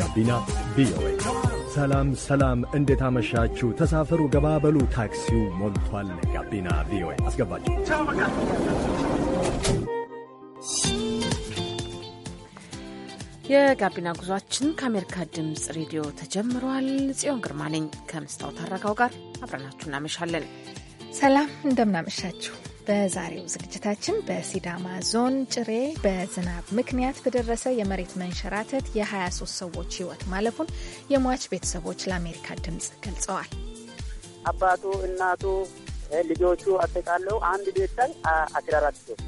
ጋቢና ቪኦኤ። ሰላም ሰላም፣ እንዴት አመሻችሁ? ተሳፈሩ፣ ገባበሉ፣ ታክሲው ሞልቷል። ጋቢና ቪኦኤ አስገባችሁ። የጋቢና ጉዟችን ከአሜሪካ ድምፅ ሬዲዮ ተጀምሯል። ጽዮን ግርማ ነኝ ከመስታወት አረጋው ጋር አብረናችሁ እናመሻለን። ሰላም እንደምናመሻችሁ በዛሬው ዝግጅታችን በሲዳማ ዞን ጭሬ በዝናብ ምክንያት በደረሰ የመሬት መንሸራተት የ23 ሰዎች ሕይወት ማለፉን የሟች ቤተሰቦች ለአሜሪካ ድምፅ ገልጸዋል። አባቱ፣ እናቱ፣ ልጆቹ አጠቃለው አንድ ቤተሰብ አስራ አራት ሰው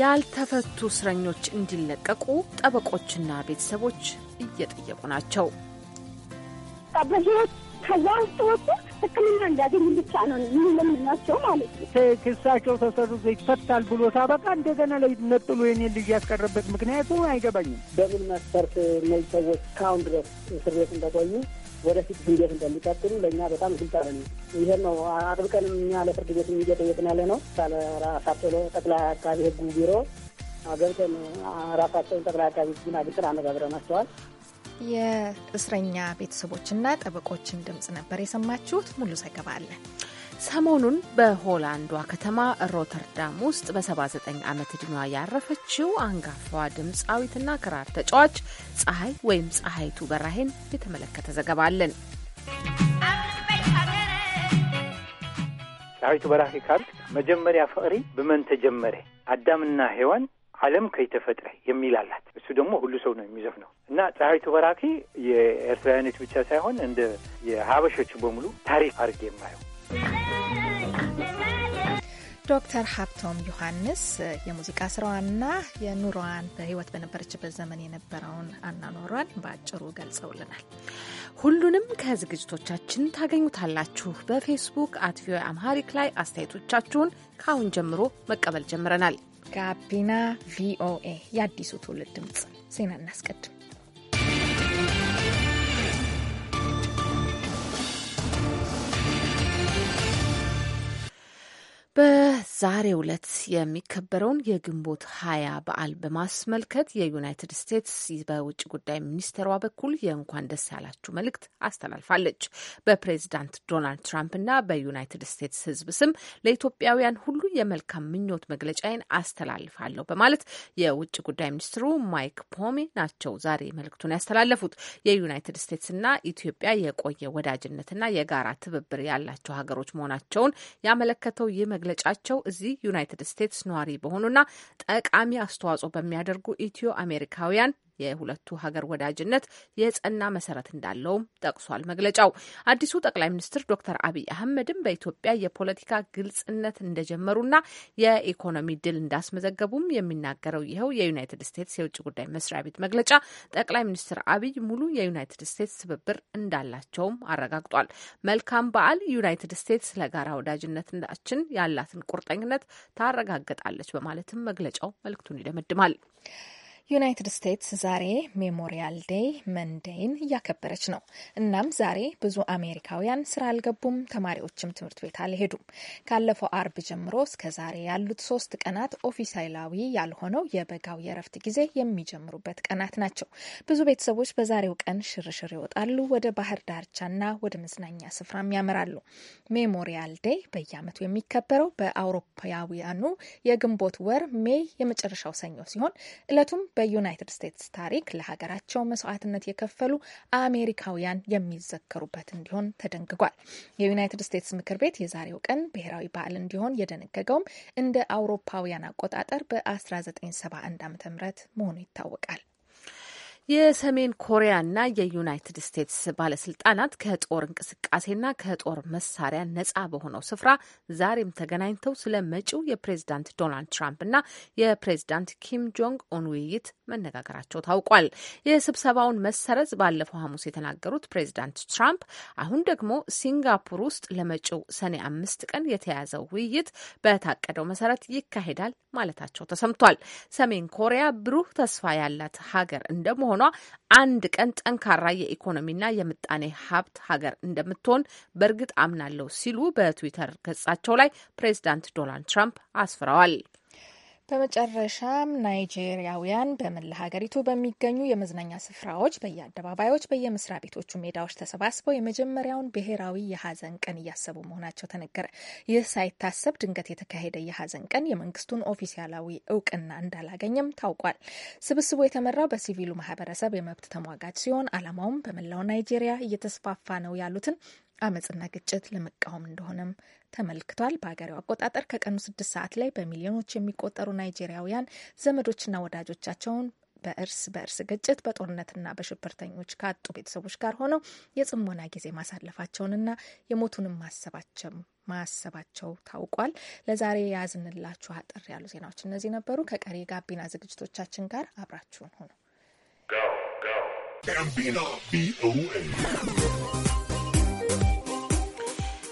ያልተፈቱ እስረኞች እንዲለቀቁ ጠበቆችና ቤተሰቦች እየጠየቁ ናቸው። ከዛ ውስጥ ህክምና እንዲያገኝ ብቻ ነው ምን ለምናቸው ማለት ነው። ክሳቸው ተሰርዞ ይፈታል ብሎ ሳበቃ እንደገና ላይ ነጥሎ የኔ ልጅ ያስቀረበት ምክንያቱ አይገባኝም። በምን መስፈርት እነዚህ ሰዎች እስካሁን ድረስ እስር ቤት እንደቆዩ ወደፊት እንዴት እንደሚቀጥሉ ለእኛ በጣም ግልጽ አለ። ይሄን ነው አጥብቀንም እኛ ለፍርድ ቤት እየጠየቅን ያለ ነው። ራሳቸው ጠቅላይ አቃቢ ህጉ ቢሮ ገብተን ራሳቸውን ጠቅላይ አቃቢ ሕጉን አግኝተን አነጋግረናቸዋል። የእስረኛ ቤተሰቦችና ጠበቆችን ድምጽ ነበር የሰማችሁት። ሙሉ ዘገባ አለ ሰሞኑን በሆላንዷ ከተማ ሮተርዳም ውስጥ በ79 ዓመት ዕድሜዋ ያረፈችው አንጋፋዋ ድምፃዊትና ክራር ተጫዋች ፀሐይ ወይም ፀሐይቱ በራሄን የተመለከተ ዘገባ አለን። ፀሐይቱ በራሄ ካልክ መጀመሪያ ፍቅሪ ብመን ተጀመረ አዳምና ሔዋን ዓለም ከይተፈጥረ የሚል አላት። እሱ ደግሞ ሁሉ ሰው ነው የሚዘፍነው እና ፀሐይቱ በራኪ የኤርትራውያኖች ብቻ ሳይሆን እንደ የሀበሾቹ በሙሉ ታሪክ አድርጌ የማየው ዶክተር ሀብቶም ዮሐንስ የሙዚቃ ስራዋንና የኑሯዋን በህይወት በነበረችበት ዘመን የነበረውን አናኗሯን በአጭሩ ገልጸውልናል። ሁሉንም ከዝግጅቶቻችን ታገኙታላችሁ። በፌስቡክ አት ቪኦኤ አምሃሪክ ላይ አስተያየቶቻችሁን ከአሁን ጀምሮ መቀበል ጀምረናል። ጋቢና ቪኦኤ የአዲሱ ትውልድ ድምፅ። ዜና እናስቀድም። በዛሬ ዕለት የሚከበረውን የግንቦት ሀያ በዓል በማስመልከት የዩናይትድ ስቴትስ በውጭ ጉዳይ ሚኒስቴሯ በኩል የእንኳን ደስ ያላችሁ መልእክት አስተላልፋለች። በፕሬዚዳንት ዶናልድ ትራምፕና በዩናይትድ ስቴትስ ሕዝብ ስም ለኢትዮጵያውያን ሁሉ የመልካም ምኞት መግለጫዬን አስተላልፋለሁ በማለት የውጭ ጉዳይ ሚኒስትሩ ማይክ ፖሜ ናቸው ዛሬ መልእክቱን ያስተላለፉት። የዩናይትድ ስቴትስና ኢትዮጵያ የቆየ ወዳጅነትና የጋራ ትብብር ያላቸው ሀገሮች መሆናቸውን ያመለከተው ይህ መግለጫቸው እዚህ ዩናይትድ ስቴትስ ነዋሪ በሆኑና ጠቃሚ አስተዋጽኦ በሚያደርጉ ኢትዮ አሜሪካውያን የሁለቱ ሀገር ወዳጅነት የጸና መሰረት እንዳለውም ጠቅሷል መግለጫው። አዲሱ ጠቅላይ ሚኒስትር ዶክተር አብይ አህመድም በኢትዮጵያ የፖለቲካ ግልጽነት እንደጀመሩና የኢኮኖሚ ድል እንዳስመዘገቡም የሚናገረው ይኸው የዩናይትድ ስቴትስ የውጭ ጉዳይ መስሪያ ቤት መግለጫ ጠቅላይ ሚኒስትር አብይ ሙሉ የዩናይትድ ስቴትስ ትብብር እንዳላቸውም አረጋግጧል። መልካም በዓል። ዩናይትድ ስቴትስ ለጋራ ወዳጅነታችን ያላትን ቁርጠኝነት ታረጋግጣለች በማለትም መግለጫው መልእክቱን ይደመድማል። ዩናይትድ ስቴትስ ዛሬ ሜሞሪያል ዴይ መንዴይን እያከበረች ነው። እናም ዛሬ ብዙ አሜሪካውያን ስራ አልገቡም፣ ተማሪዎችም ትምህርት ቤት አልሄዱም። ካለፈው አርብ ጀምሮ እስከ ዛሬ ያሉት ሶስት ቀናት ኦፊሳላዊ ያልሆነው የበጋው የእረፍት ጊዜ የሚጀምሩበት ቀናት ናቸው። ብዙ ቤተሰቦች በዛሬው ቀን ሽርሽር ይወጣሉ፣ ወደ ባህር ዳርቻና ወደ መዝናኛ ስፍራም ያመራሉ። ሜሞሪያል ዴይ በየአመቱ የሚከበረው በአውሮፓውያኑ የግንቦት ወር ሜይ የመጨረሻው ሰኞ ሲሆን እለቱም በዩናይትድ ስቴትስ ታሪክ ለሀገራቸው መስዋዕትነት የከፈሉ አሜሪካውያን የሚዘከሩበት እንዲሆን ተደንግጓል። የዩናይትድ ስቴትስ ምክር ቤት የዛሬው ቀን ብሔራዊ በዓል እንዲሆን የደነገገውም እንደ አውሮፓውያን አቆጣጠር በ1971 ዓ ም መሆኑ ይታወቃል። የሰሜን ኮሪያና የዩናይትድ ስቴትስ ባለስልጣናት ከጦር እንቅስቃሴና ከጦር መሳሪያ ነጻ በሆነው ስፍራ ዛሬም ተገናኝተው ስለ መጪው የፕሬዝዳንት ዶናልድ ትራምፕና የፕሬዝዳንት ኪም ጆንግ ኡን ውይይት መነጋገራቸው ታውቋል። የስብሰባውን መሰረዝ ባለፈው ሐሙስ የተናገሩት ፕሬዝዳንት ትራምፕ አሁን ደግሞ ሲንጋፑር ውስጥ ለመጪው ሰኔ አምስት ቀን የተያዘው ውይይት በታቀደው መሰረት ይካሄዳል ማለታቸው ተሰምቷል። ሰሜን ኮሪያ ብሩህ ተስፋ ያላት ሀገር እንደመሆኑ መሆኗ አንድ ቀን ጠንካራ የኢኮኖሚና የምጣኔ ሀብት ሀገር እንደምትሆን በእርግጥ አምናለሁ ሲሉ በትዊተር ገጻቸው ላይ ፕሬዚዳንት ዶናልድ ትራምፕ አስፍረዋል። በመጨረሻም ናይጄሪያውያን በመላ ሀገሪቱ በሚገኙ የመዝናኛ ስፍራዎች፣ በየአደባባዮች፣ በየመስሪያ ቤቶቹ ሜዳዎች ተሰባስበው የመጀመሪያውን ብሔራዊ የሀዘን ቀን እያሰቡ መሆናቸው ተነገረ። ይህ ሳይታሰብ ድንገት የተካሄደ የሀዘን ቀን የመንግስቱን ኦፊሲያላዊ እውቅና እንዳላገኘም ታውቋል። ስብስቡ የተመራው በሲቪሉ ማህበረሰብ የመብት ተሟጋች ሲሆን አላማውም በመላው ናይጄሪያ እየተስፋፋ ነው ያሉትን አመፅና ግጭት ለመቃወም እንደሆነም ተመልክቷል። በሀገሬው አቆጣጠር ከቀኑ ስድስት ሰዓት ላይ በሚሊዮኖች የሚቆጠሩ ናይጄሪያውያን ዘመዶችና ወዳጆቻቸውን በእርስ በእርስ ግጭት በጦርነትና በሽብርተኞች ካጡ ቤተሰቦች ጋር ሆነው የጽሞና ጊዜ ማሳለፋቸውንና የሞቱንም ማሰባቸው ታውቋል። ለዛሬ ያዝንላችሁ አጠር ያሉ ዜናዎች እነዚህ ነበሩ። ከቀሪ ጋቢና ዝግጅቶቻችን ጋር አብራችሁን ሆኑ።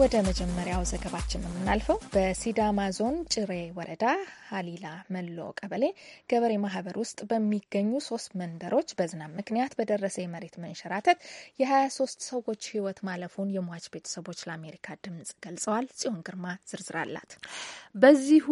ወደ መጀመሪያው ዘገባችን የምናልፈው በሲዳማ ዞን ጭሬ ወረዳ ሀሊላ መሎ ቀበሌ ገበሬ ማህበር ውስጥ በሚገኙ ሶስት መንደሮች በዝናብ ምክንያት በደረሰ የመሬት መንሸራተት የ23 ሰዎች ህይወት ማለፉን የሟች ቤተሰቦች ለአሜሪካ ድምጽ ገልጸዋል። ጽዮን ግርማ ዝርዝር አላት። በዚሁ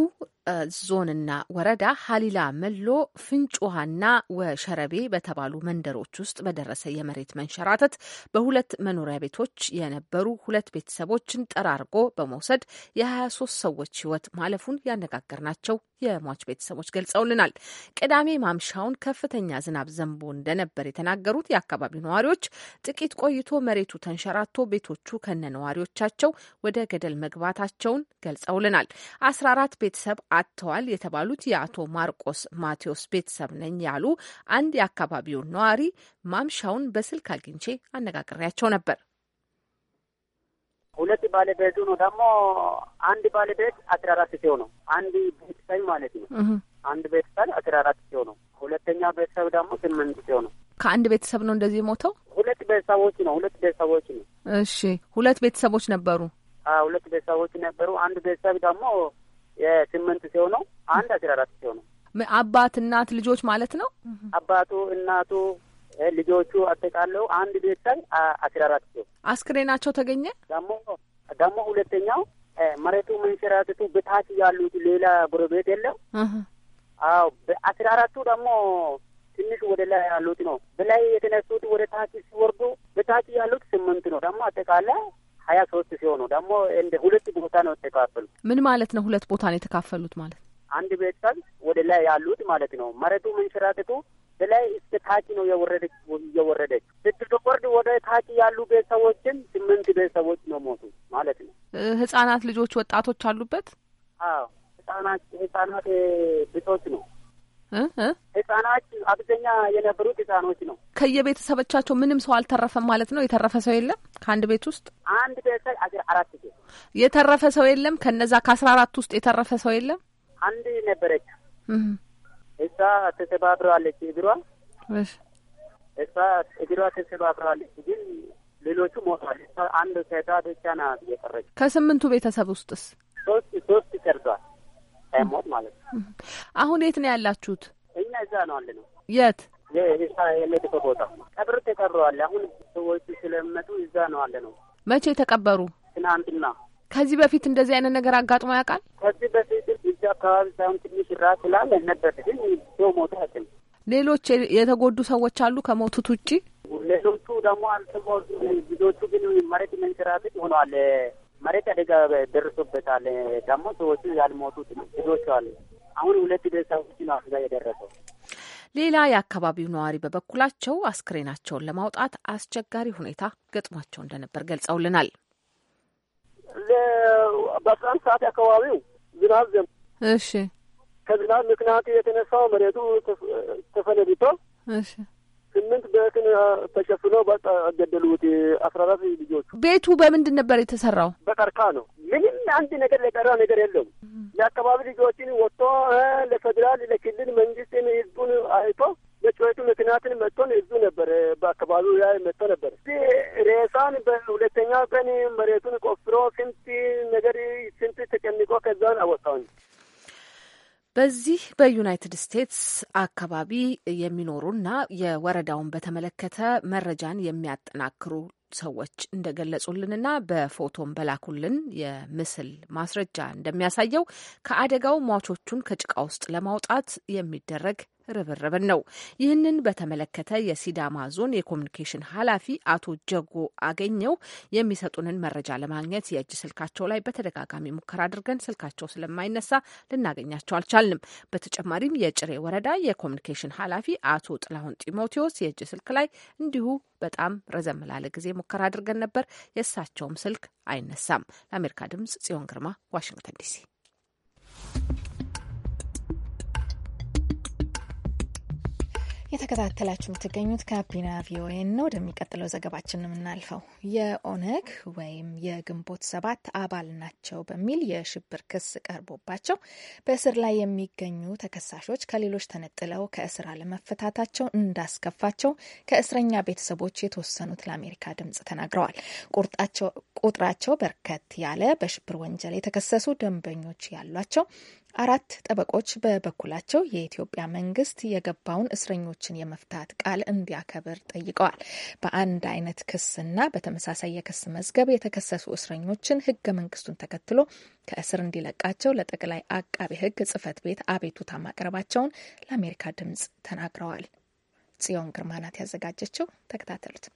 ዞንና ወረዳ ሀሊላ መሎ፣ ፍንጭ ውሃና ወሸረቤ በተባሉ መንደሮች ውስጥ በደረሰ የመሬት መንሸራተት በሁለት መኖሪያ ቤቶች የነበሩ ሁለት ቤተሰቦችን ጠራርጎ በመውሰድ የ23 ሰዎች ሕይወት ማለፉን ያነጋገርናቸው የሟች ቤተሰቦች ገልጸውልናል። ቅዳሜ ማምሻውን ከፍተኛ ዝናብ ዘንቦ እንደነበር የተናገሩት የአካባቢው ነዋሪዎች ጥቂት ቆይቶ መሬቱ ተንሸራቶ ቤቶቹ ከነ ነዋሪዎቻቸው ወደ ገደል መግባታቸውን ገልጸውልናል። አስራ አራት ቤተሰብ አጥተዋል የተባሉት የአቶ ማርቆስ ማቴዎስ ቤተሰብ ነኝ ያሉ አንድ የአካባቢው ነዋሪ ማምሻውን በስልክ አግኝቼ አነጋግሬያቸው ነበር። ሁለት ባለቤቱ ነው ደግሞ አንድ ባለቤት አስራ አራት ሲሆ ነው አንድ ቤተሰብ ማለት ነው። አንድ ቤተሰብ አስራ አራት ሲሆ ነው። ሁለተኛ ቤተሰብ ደግሞ ስምንት ሲሆ ነው። ከአንድ ቤተሰብ ነው እንደዚህ ሞተው ሁለት ቤተሰቦች ነው። ሁለት ቤተሰቦች ነው። እሺ፣ ሁለት ቤተሰቦች ነበሩ። ሁለት ቤተሰቦች ነበሩ። አንድ ቤተሰብ ደግሞ የስምንት ሰው ነው። አንድ አስራ አራት ሰው ነው። አባት እናት ልጆች ማለት ነው። አባቱ እናቱ ልጆቹ አጠቃለው አንድ ቤት ላይ አስራ አራት ሰው አስክሬናቸው ተገኘ። ደግሞ ደግሞ ሁለተኛው መሬቱ መንሸራተቱ በታች ያሉት ሌላ ጎረቤት የለም። አዎ በአስራ አራቱ ደግሞ ትንሽ ወደ ላይ ያሉት ነው። በላይ የተነሱት ወደ ታች ሲወርዱ በታች ያሉት ስምንት ነው። ደግሞ አጠቃላይ ሀያ ሶስት ሲሆኑ ደግሞ እንደ ሁለት ቦታ ነው የተካፈሉት። ምን ማለት ነው? ሁለት ቦታ ነው የተካፈሉት ማለት አንድ ቤተሰብ ወደ ላይ ያሉት ማለት ነው። መሬቱ መንሸራተቱ በላይ እስከ ታች ነው የወረደች እየወረደች ስትወርድ ወደ ታች ያሉ ቤተሰቦችን ስምንት ቤተሰቦች ነው ሞቱ ማለት ነው። ህጻናት ልጆች፣ ወጣቶች አሉበት። አዎ ህጻናት ህጻናት ብቶች ነው ህጻናት አብዛኛ የነበሩት ህጻኖች ነው። ከየቤተሰቦቻቸው ምንም ሰው አልተረፈም ማለት ነው። የተረፈ ሰው የለም ከአንድ ቤት ውስጥ አንድ ቤተሰብ አስራ አራት ቤት የተረፈ ሰው የለም። ከነዛ ከአስራ አራት ውስጥ የተረፈ ሰው የለም። አንድ ነበረች እሷ ተሰባብረዋለች እግሯ እሷ እግሯ ተሰባብረዋለች ግን ሌሎቹ ሞቷል። አንድ ሴቷ ብቻ ናት የቀረች። ከስምንቱ ቤተሰብ ውስጥስ ሶስት ሶስት ቀርቷል። ሳይሞት ማለት ነው። አሁን የት ነው ያላችሁት? እኛ እዛ ነው አለ ነው። የት የሜዲኮ ቦታ ቀብር ተቀብረዋል። አሁን ሰዎቹ ስለመጡ እዛ ነው አለ ነው። መቼ ተቀበሩ? ትናንትና። ከዚህ በፊት እንደዚህ አይነት ነገር አጋጥሞ ያውቃል? ከዚህ በፊት እዛ አካባቢ ሳይሆን ትንሽ ራ ስላለ ነበር፣ ግን ሰው ሞታ ያቅም ሌሎች የተጎዱ ሰዎች አሉ ከሞቱት ውጪ ሌሎቹ ደግሞ አልተጎዱ። ልጆቹ ግን መሬት መንሸራተት ሆነዋል። መሬት አደጋ ደርሶበታል። ደግሞ ሰዎቹ ያልሞቱት ልጆች አሉ። አሁን ሁለት ሰዎች ነው አደጋ የደረሰው። ሌላ የአካባቢው ነዋሪ በበኩላቸው አስክሬናቸውን ለማውጣት አስቸጋሪ ሁኔታ ገጥሟቸው እንደነበር ገልጸውልናል። በአስራአንድ ሰዓት አካባቢው ዝናብ ዘም እሺ፣ ከዝናብ ምክንያቱ የተነሳው መሬቱ ተፈነድቶ እሺ ስምንት በእህትን ተሸፍኖ በቃ ገደሉት። አስራ አራት ልጆቹ። ቤቱ በምንድን ነበር የተሰራው? በቀርካ ነው። ምንም አንድ ነገር የቀራ ነገር የለም። የአካባቢ ልጆችን ወጥቶ ለፌዴራል ለክልል መንግስትን ህዝቡን አይቶ ለጩኸቱ ምክንያትን መጥቶን እዙ ነበር በአካባቢው ላይ መጥቶ ነበር። ሬሳን በሁለተኛው ቀን መሬቱን ቆፍሮ ስንት ነገር ስንት ተጨንቆ ከዛን አወጣውኝ። በዚህ በዩናይትድ ስቴትስ አካባቢ የሚኖሩና የወረዳውን በተመለከተ መረጃን የሚያጠናክሩ ሰዎች እንደገለጹልንና በፎቶም በላኩልን የምስል ማስረጃ እንደሚያሳየው ከአደጋው ሟቾቹን ከጭቃ ውስጥ ለማውጣት የሚደረግ ርብርብን ነው። ይህንን በተመለከተ የሲዳማ ዞን የኮሚኒኬሽን ኃላፊ አቶ ጀጎ አገኘው የሚሰጡንን መረጃ ለማግኘት የእጅ ስልካቸው ላይ በተደጋጋሚ ሙከራ አድርገን ስልካቸው ስለማይነሳ ልናገኛቸው አልቻልንም። በተጨማሪም የጭሬ ወረዳ የኮሚኒኬሽን ኃላፊ አቶ ጥላሁን ጢሞቴዎስ የእጅ ስልክ ላይ እንዲሁ በጣም ረዘም ላለ ጊዜ ሙከራ አድርገን ነበር። የእሳቸውም ስልክ አይነሳም። ለአሜሪካ ድምጽ ጽዮን ግርማ ዋሽንግተን ዲሲ የተከታተላችሁ የምትገኙት ጋቢና ቪኦኤ ነው። ወደሚቀጥለው ዘገባችን የምናልፈው የኦነግ ወይም የግንቦት ሰባት አባል ናቸው በሚል የሽብር ክስ ቀርቦባቸው በእስር ላይ የሚገኙ ተከሳሾች ከሌሎች ተነጥለው ከእስር አለመፈታታቸው እንዳስከፋቸው ከእስረኛ ቤተሰቦች የተወሰኑት ለአሜሪካ ድምጽ ተናግረዋል። ቁጥራቸው በርከት ያለ በሽብር ወንጀል የተከሰሱ ደንበኞች ያሏቸው አራት ጠበቆች በበኩላቸው የኢትዮጵያ መንግስት የገባውን እስረኞችን የመፍታት ቃል እንዲያከብር ጠይቀዋል። በአንድ አይነት ክስና በተመሳሳይ የክስ መዝገብ የተከሰሱ እስረኞችን ህገ መንግስቱን ተከትሎ ከእስር እንዲለቃቸው ለጠቅላይ አቃቤ ህግ ጽህፈት ቤት አቤቱታ ማቅረባቸውን ለአሜሪካ ድምጽ ተናግረዋል። ጽዮን ግርማ ናት ያዘጋጀችው። ተከታተሉት።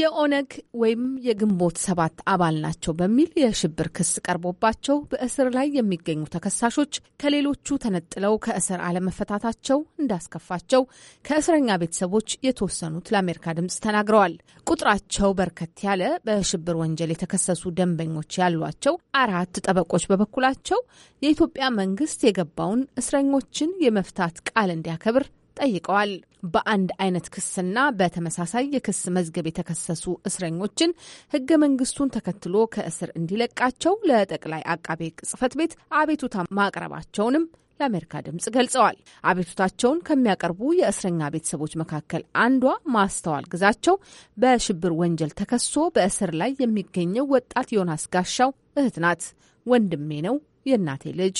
የኦነግ ወይም የግንቦት ሰባት አባል ናቸው በሚል የሽብር ክስ ቀርቦባቸው በእስር ላይ የሚገኙ ተከሳሾች ከሌሎቹ ተነጥለው ከእስር አለመፈታታቸው እንዳስከፋቸው ከእስረኛ ቤተሰቦች የተወሰኑት ለአሜሪካ ድምጽ ተናግረዋል። ቁጥራቸው በርከት ያለ በሽብር ወንጀል የተከሰሱ ደንበኞች ያሏቸው አራት ጠበቆች በበኩላቸው የኢትዮጵያ መንግስት የገባውን እስረኞችን የመፍታት ቃል እንዲያከብር ጠይቀዋል። በአንድ አይነት ክስና በተመሳሳይ የክስ መዝገብ የተከሰሱ እስረኞችን ህገ መንግስቱን ተከትሎ ከእስር እንዲለቃቸው ለጠቅላይ አቃቤ ህግ ጽሕፈት ቤት አቤቱታ ማቅረባቸውንም ለአሜሪካ ድምጽ ገልጸዋል። አቤቱታቸውን ከሚያቀርቡ የእስረኛ ቤተሰቦች መካከል አንዷ ማስተዋል ግዛቸው በሽብር ወንጀል ተከሶ በእስር ላይ የሚገኘው ወጣት ዮናስ ጋሻው እህት ናት። ወንድሜ ነው የእናቴ ልጅ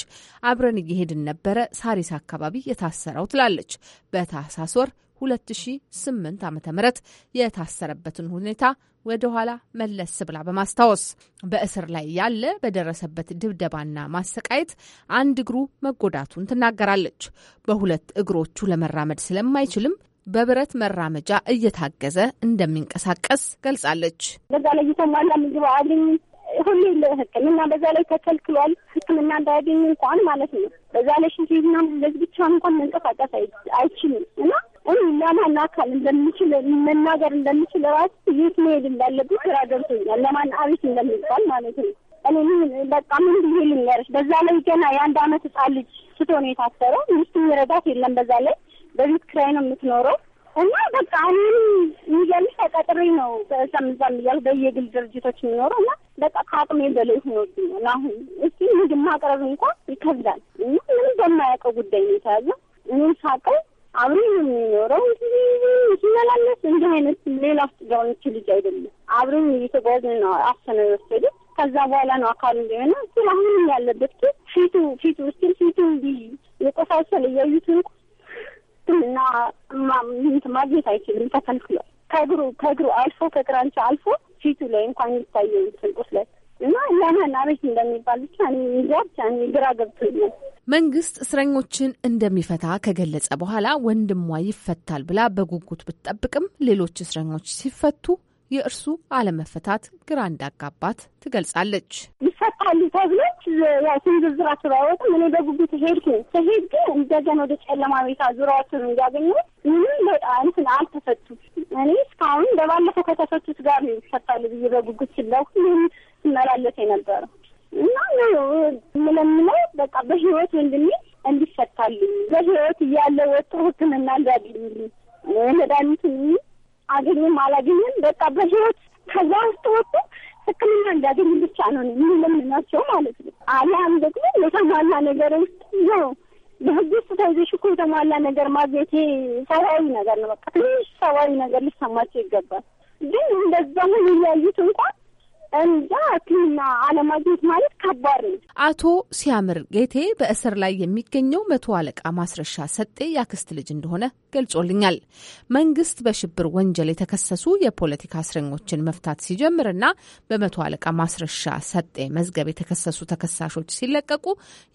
አብረን እየሄድን ነበረ ሳሪስ አካባቢ የታሰረው ትላለች። በታህሳስ ወር 2008 ዓ.ም የታሰረበትን ሁኔታ ወደ ኋላ መለስ ብላ በማስታወስ በእስር ላይ ያለ በደረሰበት ድብደባና ማሰቃየት አንድ እግሩ መጎዳቱን ትናገራለች። በሁለት እግሮቹ ለመራመድ ስለማይችልም በብረት መራመጃ እየታገዘ እንደሚንቀሳቀስ ገልጻለች። ሁሌ ህክምና በዛ ላይ ተከልክሏል። ህክምና እንዳያገኙ እንኳን ማለት ነው። በዛ ላይ ሽንት ምናምን ለዚህ ብቻ እንኳን መንቀሳቀስ አይችልም እና እኔ ለማን አካል እንደምችል መናገር እንደምችል ራሱ የት መሄድ እንዳለብኝ ስራ ገብቶኛል። ለማን አቤት እንደሚባል ማለት ነው። እኔ በቃ ምን ብዬ ልንገርሽ? በዛ ላይ ገና የአንድ አመት ህፃን ልጅ ስቶ ነው የታሰረው። ሚስቱ የሚረዳት የለም። በዛ ላይ በቤት ክራይ ነው የምትኖረው እና በቃ አሁንም የሚገርምሽ ተቀጥሬ ነው በሰምዛም እዛም በየግል ድርጅቶች የሚኖረው እና በቃ ከአቅሜ በላይ ሆኖብኛል። አሁን እስቲ ምግብ ማቅረብ እንኳ ይከብዳል። እና ምንም በማያውቀው ጉዳይ ነው የተያዘው። እኔም ሳቀው አብሬ ነው የሚኖረው ሲመላለስ እንዲህ አይነት ሌላ ውስጥ ገሆነች ልጅ አይደለም። አብሬ እየተጓዝን ነው አፍሰነ ወሰደ። ከዛ በኋላ ነው አካሉ እንደሆነ ስል አሁንም ያለበት ፊቱ ፊቱ ስል ፊቱ የቆሳሰለ እያዩት እንኳ ሕክምና ማግኘት አይችልም፣ ተከልክሏል። ከእግሩ ከእግሩ አልፎ ከግራንቻ አልፎ ፊቱ ላይ እንኳን የሚታየው ስንቁስ ላይ እና ለምን አቤት እንደሚባል ብቻ እንጃ ብቻ ግራ ገብቶኛል። መንግስት እስረኞችን እንደሚፈታ ከገለጸ በኋላ ወንድሟ ይፈታል ብላ በጉጉት ብትጠብቅም ሌሎች እስረኞች ሲፈቱ የእርሱ አለመፈታት ግራ እንዳጋባት ትገልጻለች። ይፈታሉ ተብሎች ያው ስንዝርዝራቸው ባይወጡም እኔ በጉጉት ሄድኩ። ስሄድ ግን እንደገና ወደ ጨለማ ቤታ ዙሪያቸውን እንዳገኘ ምንም ለጣ እንትን አልተፈቱም። እኔ እስካሁን እንደባለፈው ከተፈቱት ጋር ነው ይፈታሉ ብዬ በጉጉት ስለው ሁሉም ስመላለስ የነበረ እና ምለምለው በቃ በህይወት ወንድሜ እንዲፈታልኝ በህይወት እያለ ወጥቶ ሕክምና እንዳገኝልኝ መድኃኒቱን አገኝም አላገኝም በቃ በህይወት ከዛ ውስጥ ወጡ ህክምና እንዲያገኝ ብቻ ነው የምንለምናቸው ማለት ነው። አሊያም ደግሞ የተሟላ ነገር ውስጥ ነው በህግ ውስጥ ተይዘሽ እኮ የተሟላ ነገር ማግኘት ሰብአዊ ነገር ነው። በቃ ትንሽ ሰብአዊ ነገር ሊሰማቸው ይገባል። ግን እንደዛ ሁን እያዩት እንኳን እንዳ ሕክምና አለማግኘት ማለት ከባድ ነው። አቶ ሲያምር ጌቴ በእስር ላይ የሚገኘው መቶ አለቃ ማስረሻ ሰጤ ያክስት ልጅ እንደሆነ ገልጾልኛል። መንግስት በሽብር ወንጀል የተከሰሱ የፖለቲካ እስረኞችን መፍታት ሲጀምርና በመቶ አለቃ ማስረሻ ሰጤ መዝገብ የተከሰሱ ተከሳሾች ሲለቀቁ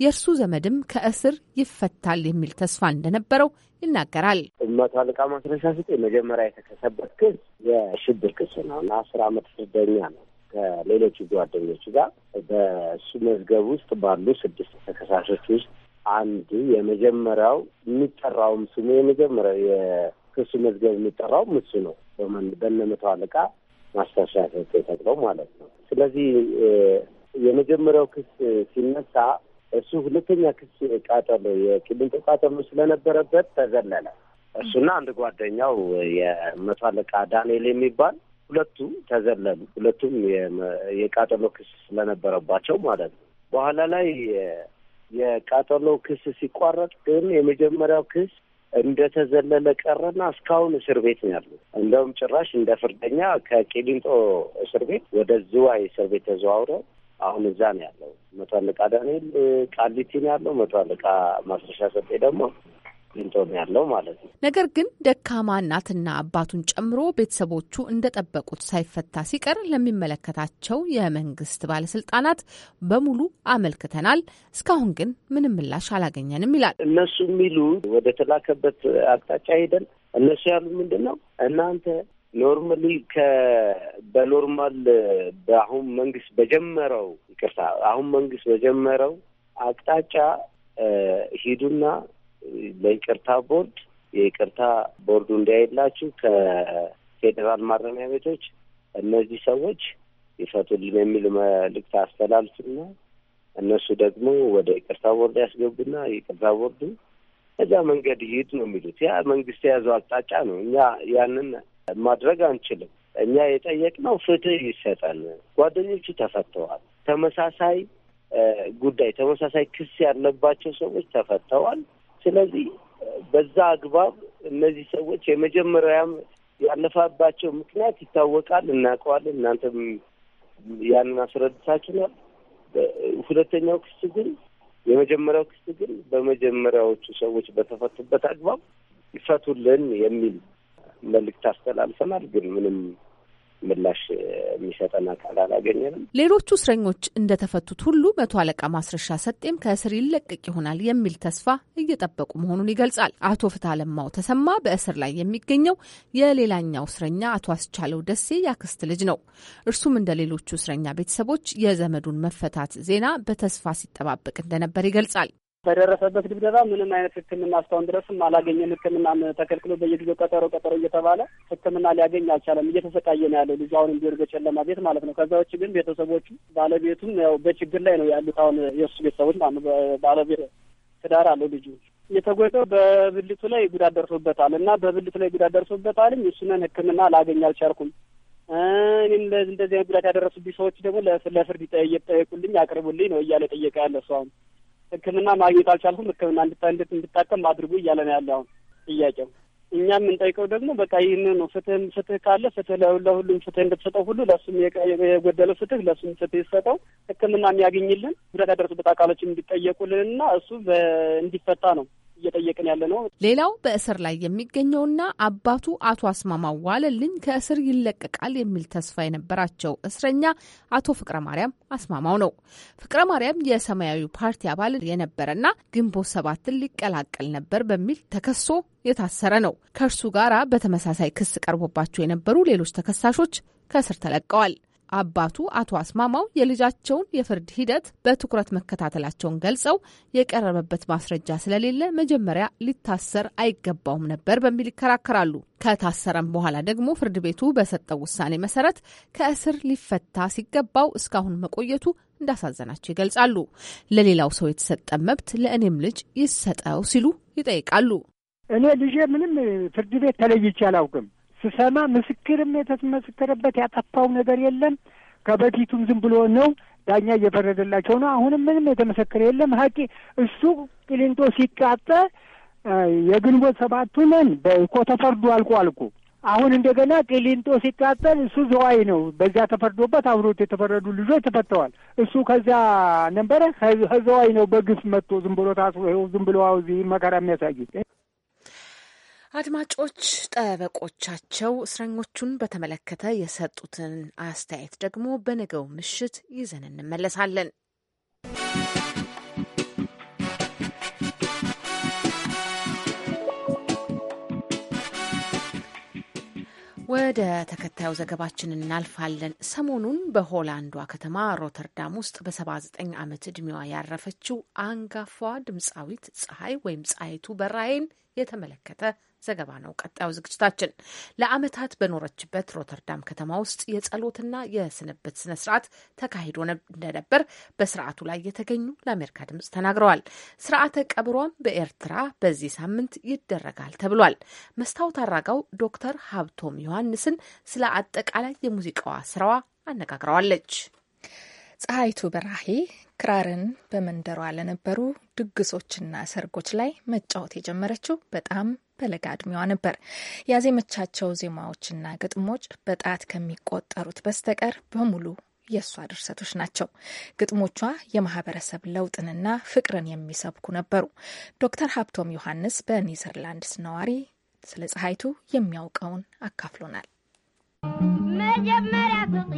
የእርሱ ዘመድም ከእስር ይፈታል የሚል ተስፋ እንደነበረው ይናገራል። መቶ አለቃ ማስረሻ ሰጤ መጀመሪያ የተከሰበት ክስ የሽብር ክስ ነው እና አስር አመት ፍርደኛ ነው ከሌሎቹ ጓደኞች ጋር በእሱ መዝገብ ውስጥ ባሉ ስድስት ተከሳሾች ውስጥ አንዱ የመጀመሪያው የሚጠራውም ስሙ የመጀመሪያው የክሱ መዝገብ የሚጠራውም እሱ ነው። በእነ መቶ አለቃ ማስታወሻ ተጠቅለው ማለት ነው። ስለዚህ የመጀመሪያው ክስ ሲነሳ እሱ ሁለተኛ ክስ ቃጠሎ የቂሊንጦ ቃጠሎ ስለነበረበት ተዘለለ። እሱና አንድ ጓደኛው የመቶ አለቃ ዳንኤል የሚባል ሁለቱም ተዘለሉ። ሁለቱም የቃጠሎ ክስ ስለነበረባቸው ማለት ነው። በኋላ ላይ የቃጠሎ ክስ ሲቋረጥ ግን የመጀመሪያው ክስ እንደተዘለለ ቀረና እስካሁን እስር ቤት ነው ያሉ። እንደውም ጭራሽ እንደ ፍርደኛ ከቂሊንጦ እስር ቤት ወደ ዝዋይ እስር ቤት ተዘዋውረ አሁን እዛ ነው ያለው። መቶ አለቃ ዳንኤል ቃሊቲ ነው ያለው። መቶ አለቃ ማስረሻ ሰጤ ደግሞ ቂሊንጦ ያለው ማለት ነው። ነገር ግን ደካማ እናትና አባቱን ጨምሮ ቤተሰቦቹ እንደጠበቁት ሳይፈታ ሲቀር ለሚመለከታቸው የመንግስት ባለስልጣናት በሙሉ አመልክተናል፣ እስካሁን ግን ምንም ምላሽ አላገኘንም ይላል። እነሱ የሚሉ ወደ ተላከበት አቅጣጫ ሄደን እነሱ ያሉ ምንድን ነው እናንተ ኖርማሊ በኖርማል በአሁን መንግስት በጀመረው ይቅርታ፣ አሁን መንግስት በጀመረው አቅጣጫ ሂዱና ለይቅርታ ቦርድ የይቅርታ ቦርዱ እንዳይላችሁ ከፌዴራል ማረሚያ ቤቶች እነዚህ ሰዎች ይፈቱልን የሚል መልእክት አስተላልፍና እነሱ ደግሞ ወደ ይቅርታ ቦርድ ያስገቡና ይቅርታ ቦርዱ እዛ መንገድ ይሂድ ነው የሚሉት። ያ መንግስት የያዘው አቅጣጫ ነው። እኛ ያንን ማድረግ አንችልም። እኛ የጠየቅነው ፍትህ ይሰጠን። ጓደኞቹ ተፈተዋል። ተመሳሳይ ጉዳይ ተመሳሳይ ክስ ያለባቸው ሰዎች ተፈተዋል። ስለዚህ በዛ አግባብ እነዚህ ሰዎች የመጀመሪያም ያለፋባቸው ምክንያት ይታወቃል፣ እናውቀዋለን። እናንተም ያንን አስረድታችኋል። ሁለተኛው ክስ ግን የመጀመሪያው ክስ ግን በመጀመሪያዎቹ ሰዎች በተፈቱበት አግባብ ይፈቱልን የሚል መልእክት አስተላልፈናል። ግን ምንም ምላሽ የሚሰጠን አካል አላገኘንም። ሌሎቹ እስረኞች እንደተፈቱት ሁሉ መቶ አለቃ ማስረሻ ሰጤም ከእስር ይለቀቅ ይሆናል የሚል ተስፋ እየጠበቁ መሆኑን ይገልጻል። አቶ ፍታ ለማው ተሰማ በእስር ላይ የሚገኘው የሌላኛው እስረኛ አቶ አስቻለው ደሴ ያክስት ልጅ ነው። እርሱም እንደ ሌሎቹ እስረኛ ቤተሰቦች የዘመዱን መፈታት ዜና በተስፋ ሲጠባበቅ እንደነበር ይገልጻል። በደረሰበት ድብደባ ምንም አይነት ሕክምና እስካሁን ድረስም አላገኘም። ህክምና ተከልክሎ በየጊዜው ቀጠሮ ቀጠሮ እየተባለ ሕክምና ሊያገኝ አልቻለም። እየተሰቃየ ነው ያለው ልጁ አሁንም ቢሆን በጨለማ ቤት ማለት ነው። ከዛ ውጭ ግን ቤተሰቦቹ ባለቤቱም ያው በችግር ላይ ነው ያሉት። አሁን የእሱ ቤተሰቦች ማለት ባለቤት ትዳር አለው ልጁ የተጎዳው በብልቱ ላይ ጉዳት ደርሶበታል እና በብልቱ ላይ ጉዳት ደርሶበታልም እሱንን ህክምና ላገኝ አልቻልኩም። እኔም እንደዚህ አይነት ጉዳት ያደረሱብኝ ሰዎች ደግሞ ለፍርድ እየጠየቁልኝ አቅርቡልኝ ነው እያለ ጠየቀ ያለ እሱ አሁን ህክምና ማግኘት አልቻልኩም፣ ህክምና እንድት እንድታቀም አድርጉ እያለ ነው ያለ አሁን ጥያቄው። እኛ የምንጠይቀው ደግሞ በቃ ይህን ነው። ፍትህ ፍትህ ካለ ፍትህ ለሁሉም ፍትህ እንደተሰጠው ሁሉ ለሱም የጎደለው ፍትህ ለሱም ፍትህ ይሰጠው፣ ህክምና የሚያገኝልን ጉዳት ያደረሱበት አካሎች እንዲጠየቁልንና እሱ እንዲፈታ ነው እየጠየቅን ያለ ነው። ሌላው በእስር ላይ የሚገኘውና አባቱ አቶ አስማማው ዋለልኝ ከእስር ይለቀቃል የሚል ተስፋ የነበራቸው እስረኛ አቶ ፍቅረ ማርያም አስማማው ነው። ፍቅረ ማርያም የሰማያዊ ፓርቲ አባል የነበረና ግንቦት ሰባትን ሊቀላቀል ነበር በሚል ተከሶ የታሰረ ነው። ከእርሱ ጋራ በተመሳሳይ ክስ ቀርቦባቸው የነበሩ ሌሎች ተከሳሾች ከእስር ተለቀዋል። አባቱ አቶ አስማማው የልጃቸውን የፍርድ ሂደት በትኩረት መከታተላቸውን ገልጸው የቀረበበት ማስረጃ ስለሌለ መጀመሪያ ሊታሰር አይገባውም ነበር በሚል ይከራከራሉ። ከታሰረም በኋላ ደግሞ ፍርድ ቤቱ በሰጠው ውሳኔ መሰረት ከእስር ሊፈታ ሲገባው እስካሁን መቆየቱ እንዳሳዘናቸው ይገልጻሉ። ለሌላው ሰው የተሰጠ መብት ለእኔም ልጅ ይሰጠው ሲሉ ይጠይቃሉ። እኔ ልጄ ምንም ፍርድ ቤት ተለይቼ አላውቅም። ስሰማ ምስክርም የተመሰከረበት ያጠፋው ነገር የለም። ከበፊቱም ዝም ብሎ ነው ዳኛ እየፈረደላቸው ነው። አሁንም ምንም የተመሰከረ የለም። ሀቂ እሱ ቅሊንጦ ሲቃጠል የግንቦት ሰባቱ ነን በእኮ ተፈርዱ አልቁ አልቁ። አሁን እንደገና ቅሊንጦ ሲቃጠል እሱ ዘዋይ ነው። በዚያ ተፈርዶበት አብሮት የተፈረዱ ልጆች ተፈተዋል። እሱ ከዚያ ነበረ ከዘዋይ ነው በግፍ መጥቶ ዝም ብሎ ታስ ዝም ብሎ እዚህ መከራ የሚያሳይ አድማጮች ጠበቆቻቸው እስረኞቹን በተመለከተ የሰጡትን አስተያየት ደግሞ በነገው ምሽት ይዘን እንመለሳለን። ወደ ተከታዩ ዘገባችን እናልፋለን። ሰሞኑን በሆላንዷ ከተማ ሮተርዳም ውስጥ በ79 ዓመት ዕድሜዋ ያረፈችው አንጋፏ ድምፃዊት ፀሐይ ወይም ፀሐይቱ በራይን የተመለከተ ዘገባ ነው ቀጣዩ ዝግጅታችን። ለዓመታት በኖረችበት ሮተርዳም ከተማ ውስጥ የጸሎትና የስንብት ስነ ስርዓት ተካሂዶ እንደነበር በስርዓቱ ላይ የተገኙ ለአሜሪካ ድምጽ ተናግረዋል። ስርዓተ ቀብሯም በኤርትራ በዚህ ሳምንት ይደረጋል ተብሏል። መስታወት አራጋው ዶክተር ሀብቶም ዮሐንስን ስለ አጠቃላይ የሙዚቃዋ ስራዋ አነጋግረዋለች። ፀሐይቱ በራሄ ክራርን በመንደሯ ለነበሩ ድግሶችና ሰርጎች ላይ መጫወት የጀመረችው በጣም በለጋ እድሜዋ ነበር። ያዜመቻቸው ዜማዎችና ግጥሞች በጣት ከሚቆጠሩት በስተቀር በሙሉ የእሷ ድርሰቶች ናቸው። ግጥሞቿ የማህበረሰብ ለውጥንና ፍቅርን የሚሰብኩ ነበሩ። ዶክተር ሀብቶም ዮሐንስ በኔዘርላንድስ ነዋሪ ስለ ፀሐይቱ የሚያውቀውን አካፍሎናል። መጀመሪያ ፍቂ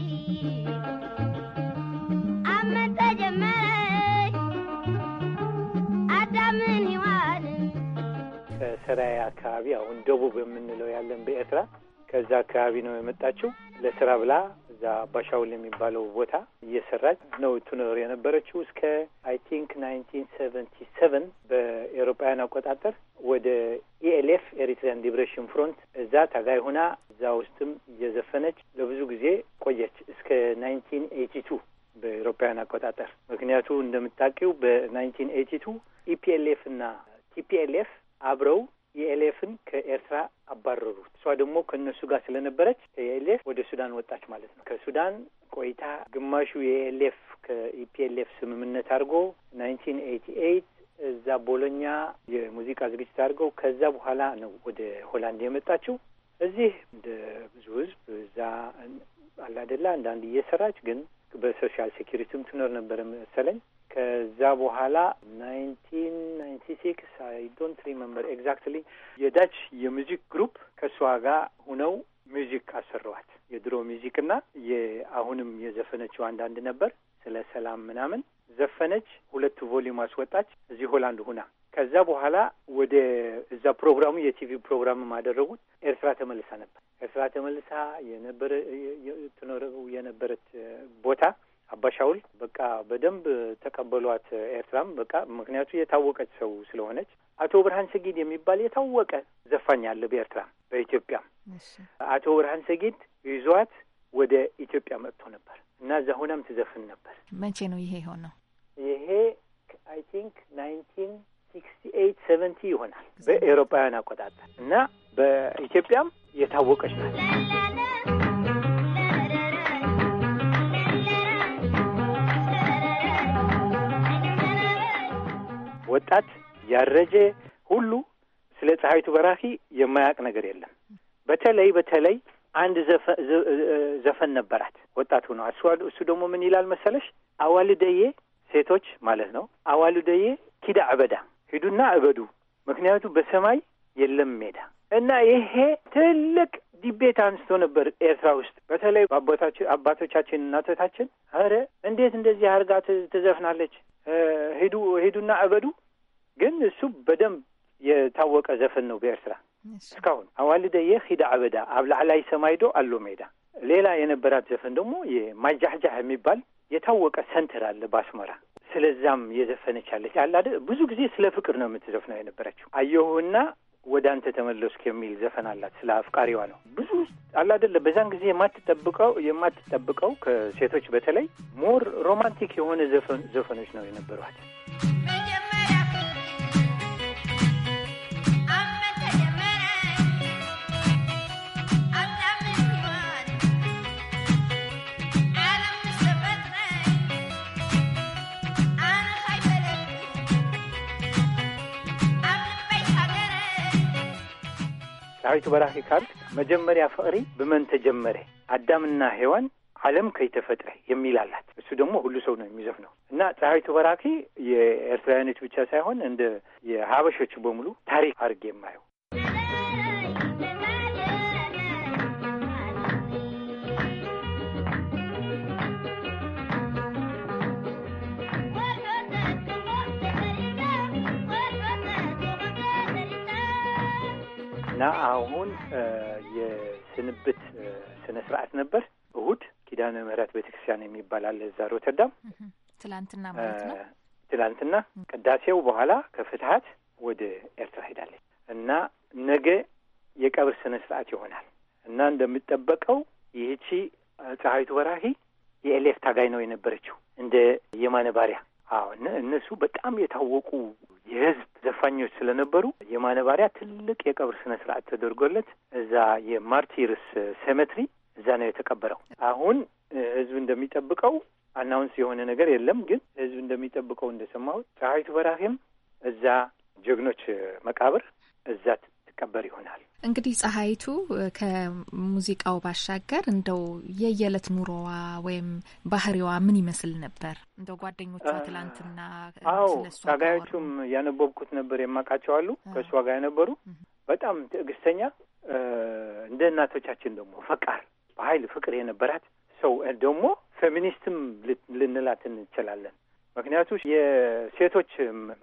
አመን አዳምን ተራያ አካባቢ አሁን ደቡብ የምንለው ያለን በኤርትራ ከዛ አካባቢ ነው የመጣችው። ለስራ ብላ እዛ አባሻውል የሚባለው ቦታ እየሰራች ነው ትኖር የነበረችው እስከ አይ ቲንክ ናይንቲን ሰቨንቲ ሰቨን በኤሮፓውያን አቆጣጠር ወደ ኢኤልኤፍ ኤሪትሪያን ሊብሬሽን ፍሮንት እዛ ታጋይ ሆና እዛ ውስጥም እየዘፈነች ለብዙ ጊዜ ቆየች እስከ ናይንቲን ኤይቲ ቱ በኤሮፓውያን አቆጣጠር። ምክንያቱ እንደምታውቂው በናይንቲን ኤይቲ ቱ ኢፒኤልኤፍ እና ቲፒኤልኤፍ አብረው ኢኤልኤፍን ከኤርትራ አባረሩት። እሷ ደግሞ ከእነሱ ጋር ስለነበረች ከኢኤልኤፍ ወደ ሱዳን ወጣች ማለት ነው። ከሱዳን ቆይታ ግማሹ የኢኤልኤፍ ከኢፒኤልኤፍ ስምምነት አድርጎ ናይንቲን ኤይቲ ኤይት እዛ ቦሎኛ የሙዚቃ ዝግጅት አድርገው ከዛ በኋላ ነው ወደ ሆላንድ የመጣችው። እዚህ እንደ ብዙ ህዝብ እዛ አላደላ አንዳንድ እየሰራች ግን በሶሻል ሴኪሪቲም ትኖር ነበረ መሰለኝ ከዛ በኋላ ናይንቲን ናይንቲ ሲክስ አይ ዶንት ሪመምበር ኤግዛክትሊ የዳች የሙዚክ ግሩፕ ከእሷ ጋር ሁነው ሚውዚክ አሰሯት። የድሮ ሚውዚክና የአሁንም የዘፈነችው አንዳንድ ነበር፣ ስለ ሰላም ምናምን ዘፈነች። ሁለቱ ቮሊዩም አስወጣች እዚህ ሆላንድ ሁና። ከዛ በኋላ ወደ እዛ ፕሮግራሙ የቲቪ ፕሮግራም አደረጉት። ኤርትራ ተመልሳ ነበር። ኤርትራ ተመልሳ የነበረ ትኖረው የነበረት ቦታ አባሻውል በቃ በደንብ ተቀበሏት። ኤርትራም በቃ ምክንያቱ የታወቀች ሰው ስለሆነች። አቶ ብርሃን ሰጊድ የሚባል የታወቀ ዘፋኝ አለ በኤርትራ በኢትዮጵያም። አቶ ብርሃን ሰጊድ ይዟት ወደ ኢትዮጵያ መጥቶ ነበር እና እዛ ሆናም ትዘፍን ነበር። መቼ ነው ይሄ የሆነው? ይሄ አይ ቲንክ ናይንቲን ሲክስቲ ኤይት ሰቨንቲ ይሆናል በኤሮፓውያን አቆጣጠር እና በኢትዮጵያም የታወቀች ናት። ወጣት ያረጀ ሁሉ ስለ ፀሐይቱ በራኪ የማያውቅ ነገር የለም። በተለይ በተለይ አንድ ዘፈን ነበራት ወጣቱ ነው። እሱ ደግሞ ምን ይላል መሰለሽ? አዋልደዬ ሴቶች ማለት ነው። አዋልደዬ ኪዳ አበዳ ሂዱና እበዱ፣ ምክንያቱ በሰማይ የለም ሜዳ። እና ይሄ ትልቅ ዲቤት አንስቶ ነበር ኤርትራ ውስጥ በተለይ አባቶቻችን እናቶታችን፣ አረ እንዴት እንደዚህ አርጋ ትዘፍናለች ሄዱ ሂዱና እበዱ። ግን እሱ በደንብ የታወቀ ዘፈን ነው በኤርትራ እስካሁን። አዋልደየ ሂዳ አበዳ አብ ላዕላይ ሰማይዶ አሎ ሜዳ። ሌላ የነበራት ዘፈን ደግሞ የማጃሕጃህ የሚባል የታወቀ ሰንተር አለ በአስመራ ስለዛም የዘፈነች አለች። አላደ ብዙ ጊዜ ስለ ፍቅር ነው የምትዘፍነው የነበረችው። አየሁና ወደ አንተ ተመለስኩ የሚል ዘፈን አላት። ስለ አፍቃሪዋ ነው። ብዙ አለ አይደለ? በዛን ጊዜ የማትጠብቀው የማትጠብቀው ከሴቶች በተለይ ሞር ሮማንቲክ የሆነ ዘፈኖች ነው የነበሯት። ጣሪቱ በራሲ ካልክ መጀመሪያ ፍቅሪ ብመን ተጀመረ አዳምና ሔዋን ዓለም ከይተፈጥረ የሚል አላት። እሱ ደግሞ ሁሉ ሰው ነው የሚዘፍነው እና ፀሐይቱ በራኪ የኤርትራውያኖች ብቻ ሳይሆን እንደ የሀበሾች በሙሉ ታሪክ አድርጌ የማየው እና አሁን የስንብት ስነ ስርዓት ነበር። እሁድ ኪዳነ ምሕረት ቤተክርስቲያን የሚባል አለ እዛ ሮተርዳም። ትላንትና ማለት ነው። ትላንትና ቅዳሴው በኋላ ከፍትሀት ወደ ኤርትራ ሄዳለች እና ነገ የቀብር ስነ ስርዓት ይሆናል እና እንደሚጠበቀው ይህቺ ፀሐይቱ በራሂ የኤሌፍ ታጋይ ነው የነበረችው እንደ የማነ ባሪያ። አዎ እነሱ በጣም የታወቁ የህዝብ ዘፋኞች ስለነበሩ የማነ ባሪያ ትልቅ የቀብር ስነ ስርዓት ተደርጎለት እዛ የማርቲርስ ሴሜትሪ እዛ ነው የተቀበረው። አሁን ህዝብ እንደሚጠብቀው አናውንስ የሆነ ነገር የለም፣ ግን ህዝብ እንደሚጠብቀው እንደሰማሁት ፀሐይቱ በራፌም እዛ ጀግኖች መቃብር እዛ የምትቀበር ይሆናል። እንግዲህ ፀሐይቱ ከሙዚቃው ባሻገር እንደው የየዕለት ኑሮዋ ወይም ባህሪዋ ምን ይመስል ነበር? እንደው ጓደኞቿ ትላንትና አዎ ታጋዮቹም ያነበብኩት ነበር የማውቃቸው አሉ ከእሷ ጋር የነበሩ በጣም ትዕግስተኛ እንደ እናቶቻችን ደግሞ ፈቃር በኃይል ፍቅር የነበራት ሰው ደግሞ ፌሚኒስትም ልንላት እንችላለን። ምክንያቱ የሴቶች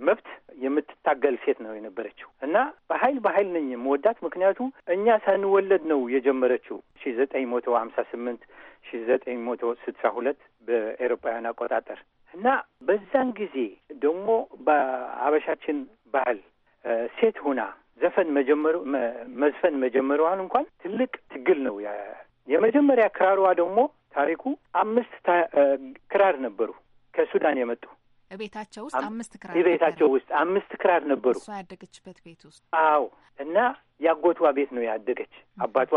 መብት የምትታገል ሴት ነው የነበረችው እና በኃይል በሀይል ነኝ መወዳት ምክንያቱ እኛ ሳንወለድ ነው የጀመረችው ሺ ዘጠኝ መቶ ሀምሳ ስምንት ሺ ዘጠኝ መቶ ስድሳ ሁለት በኤሮፓውያን አቆጣጠር እና በዛን ጊዜ ደግሞ በአበሻችን ባህል ሴት ሁና ዘፈን መጀመሩ መዝፈን መጀመሯን እንኳን ትልቅ ትግል ነው። የመጀመሪያ ክራሯ ደግሞ ታሪኩ አምስት ክራር ነበሩ። ከሱዳን የመጡ ቤታቸው ውስጥ አምስት ክራር ቤታቸው ውስጥ አምስት ክራር ነበሩ። እሷ ያደገችበት ቤት ውስጥ አዎ። እና ያጎቷ ቤት ነው ያደገች አባቷ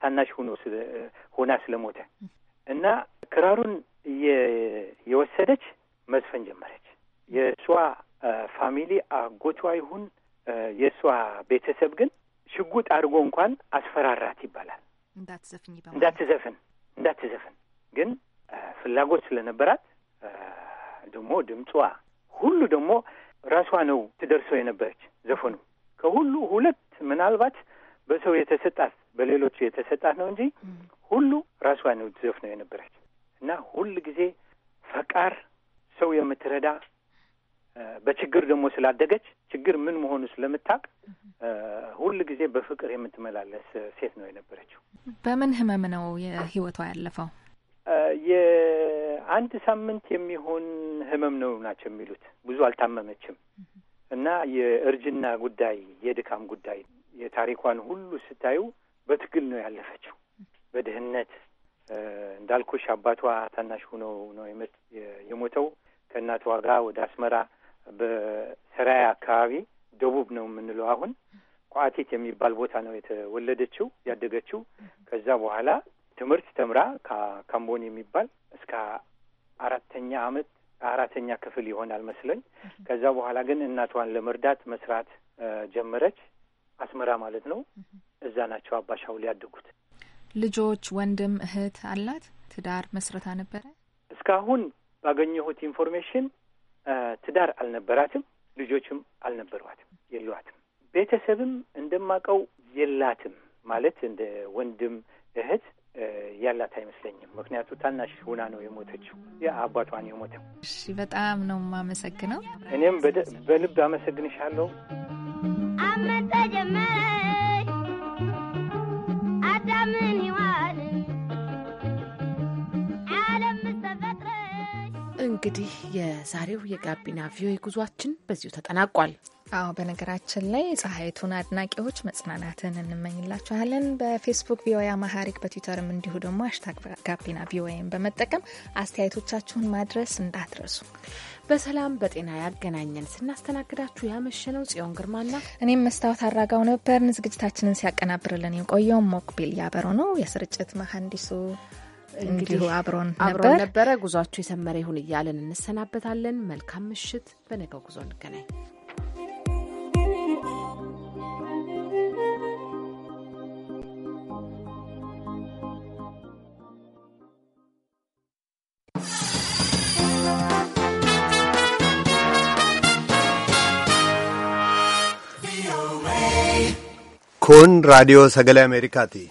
ታናሽ ሆኖ ሆና ስለሞተ እና ክራሩን የወሰደች መዝፈን ጀመረች። የእሷ ፋሚሊ አጎቷ ይሁን የእሷ ቤተሰብ ግን ሽጉጥ አድርጎ እንኳን አስፈራራት ይባላል። እንዳትዘፍኝ እንዳትዘፍን እንዳትዘፍን ግን ፍላጎት ስለነበራት ደግሞ ድምጿ ሁሉ ደግሞ ራሷ ነው ትደርሰው የነበረች ዘፈኑ ከሁሉ ሁለት ምናልባት በሰው የተሰጣት በሌሎቹ የተሰጣት ነው እንጂ ሁሉ ራሷ ነው ትዘፍነው የነበረች እና ሁል ጊዜ ፈቃር ሰው የምትረዳ በችግር ደግሞ ስላደገች ችግር ምን መሆኑ ስለምታውቅ ሁል ጊዜ በፍቅር የምትመላለስ ሴት ነው የነበረችው። በምን ህመም ነው ህይወቷ ያለፈው? የአንድ ሳምንት የሚሆን ህመም ነው ናቸው የሚሉት። ብዙ አልታመመችም እና የእርጅና ጉዳይ የድካም ጉዳይ የታሪኳን ሁሉ ስታዩ በትግል ነው ያለፈችው። በድህነት እንዳልኩሽ አባቷ ታናሽ ሆኖ ነው የሞተው ከእናቷ ጋር ወደ አስመራ በሰራያ አካባቢ ደቡብ ነው የምንለው አሁን ቋቲት የሚባል ቦታ ነው የተወለደችው ያደገችው። ከዛ በኋላ ትምህርት ተምራ ካምቦን የሚባል እስከ አራተኛ አመት አራተኛ ክፍል ይሆናል መስለኝ። ከዛ በኋላ ግን እናቷን ለመርዳት መስራት ጀመረች። አስመራ ማለት ነው። እዛ ናቸው አባሻው ያደጉት ልጆች፣ ወንድም እህት አላት። ትዳር መስረታ ነበረ። እስካሁን ባገኘሁት ኢንፎርሜሽን ትዳር አልነበራትም፣ ልጆችም አልነበሯትም፣ የሏትም። ቤተሰብም እንደማቀው የላትም ማለት እንደ ወንድም እህት ያላት አይመስለኝም። ምክንያቱ ታናሽ ሁና ነው የሞተችው፣ አባቷን የሞተው። እሺ፣ በጣም ነው የማመሰግነው። እኔም በልብ አመሰግንሻለሁ። አመት ጀመረች አዳምን ይዋል አለም እንግዲህ የዛሬው የጋቢና ቪኦኤ ጉዟችን በዚሁ ተጠናቋል። አዎ በነገራችን ላይ ፀሐይቱን አድናቂዎች መጽናናትን እንመኝላችኋለን። በፌስቡክ ቪኦኤ አማሃሪክ በትዊተርም እንዲሁ ደግሞ አሽታግ ጋቢና ቪኦኤም በመጠቀም አስተያየቶቻችሁን ማድረስ እንዳትረሱ። በሰላም በጤና ያገናኘን። ስናስተናግዳችሁ ያመሸነው ጽዮን ግርማና እኔም መስታወት አራጋው ነበርን። ዝግጅታችንን ሲያቀናብርልን የቆየው ሞክቢል ያበሮ ነው። የስርጭት መሀንዲሱ እንግዲህ አብሮን አብሮን ነበረ። ጉዟችሁ የሰመረ ይሁን እያለን እንሰናበታለን። መልካም ምሽት። በነገው ጉዞ እንገናኝ። Kun raadiyoo sagalee ti.